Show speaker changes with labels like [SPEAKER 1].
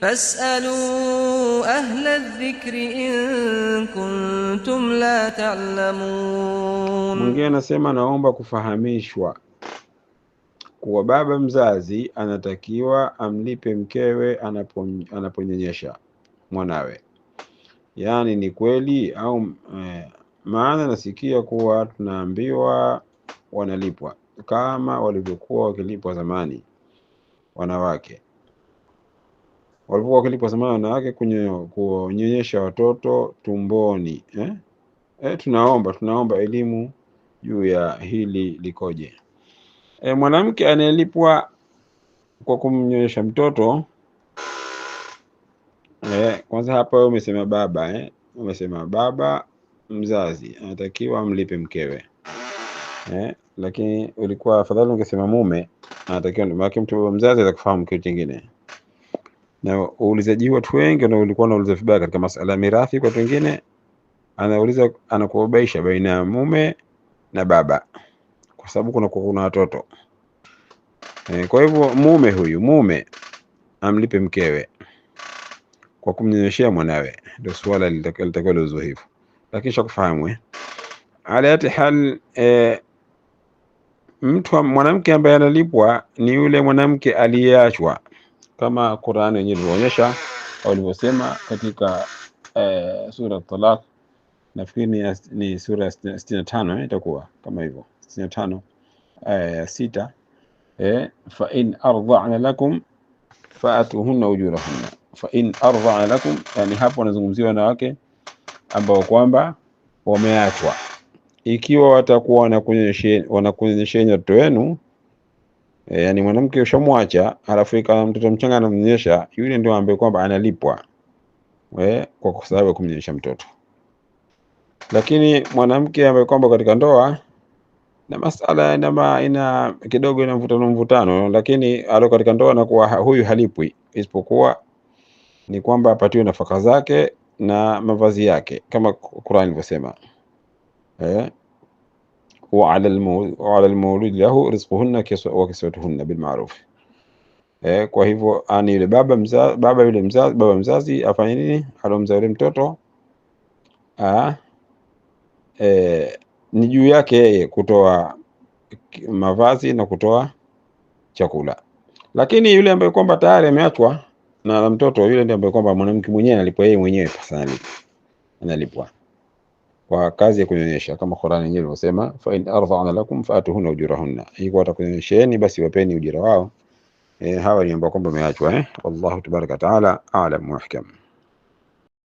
[SPEAKER 1] Fasalu ahla dhikri in kuntum la ta'lamun.
[SPEAKER 2] Mwingine anasema naomba kufahamishwa kuwa baba mzazi anatakiwa amlipe mkewe anaponyonyesha mwanawe, yaani ni kweli au eh? Maana nasikia kuwa tunaambiwa wanalipwa kama walivyokuwa wakilipwa zamani wanawake walipokuwa wakilipwa dhamana yake kunyonyesha watoto tumboni eh? Eh, tunaomba tunaomba elimu juu ya hili likoje. Eh, mwanamke anayelipwa kwa kumnyonyesha mtoto eh, kwanza hapa wewe umesema baba eh? Umesema baba mzazi anatakiwa mlipe mkewe eh? Lakini ulikuwa afadhali ungesema mume anatakiwa, maana mtu mzazi atakufahamu kitu kingine na uulizaji watu wengi walikuwa wanauliza vibaya katika masala ya mirathi. Kwa watu wengine anauliza anakuobaisha baina ya mume na baba, kwa sababu kuna kuna watoto e. Kwa hivyo mume huyu mume amlipe mkewe kwa kumnyonyeshea mwanawe, ndio suala litakalo hivyo, lakini shakufahamu eh, ala yati hal e, mtu mwanamke ambaye analipwa ni yule mwanamke aliyeachwa kama Qur'ani yenyewe ilivyoonyesha au ilivyosema katika eh, sura Talaq nafikiri ni, ni sura ya 65 eh, itakuwa kama hivyo 65 aya eh, ya sita eh, fa in ardha'na lakum faatuhunna ujurahunna fa in ardha'na lakum, yani hapo wanazungumzia wanawake ambao kwamba wameachwa, ikiwa watakuwa wanakunyesheni watoto wenu e, yani mwanamke ushamwacha, alafu ikawa mtoto mchanga anamnyonyesha, yule ndio ambaye kwamba analipwa we, kwa sababu ya kumnyonyesha mtoto. Lakini mwanamke ambaye kwamba katika ndoa na masala nama ina kidogo ina mvutano mvutano, lakini alo katika ndoa na kuwa huyu halipwi, isipokuwa ni kwamba apatiwe nafaka zake na mavazi yake kama Qur'an ilivyosema eh وعلى المولود, وعلى المولود lahu رزقهن وكسوتهن بالمعروف bilmaruf. Eh, kwa hivyo ani yule baba mzazi, baba yule mzazi, baba mzazi afanye nini alomza yule mtoto ah, eh, ni juu yake yeye kutoa mavazi na kutoa chakula, lakini yule ambaye kwamba tayari ameachwa na mtoto yule ndiye ambaye kwamba mwanamke mwenyewe analipwa yeye mwenyewe, pesa analipwa kwa kazi ya kunyonyesha, kama Qur'ani yenyewe ilivyosema, fa in ardha'na lakum fa'atuhunna ujurahunna, kwa atakunyonyesheni basi wapeni ujira wao. E, hawa ni ambao kwamba wameachwa eh. Wallahu tabaraka taala a'lam wa ahkam.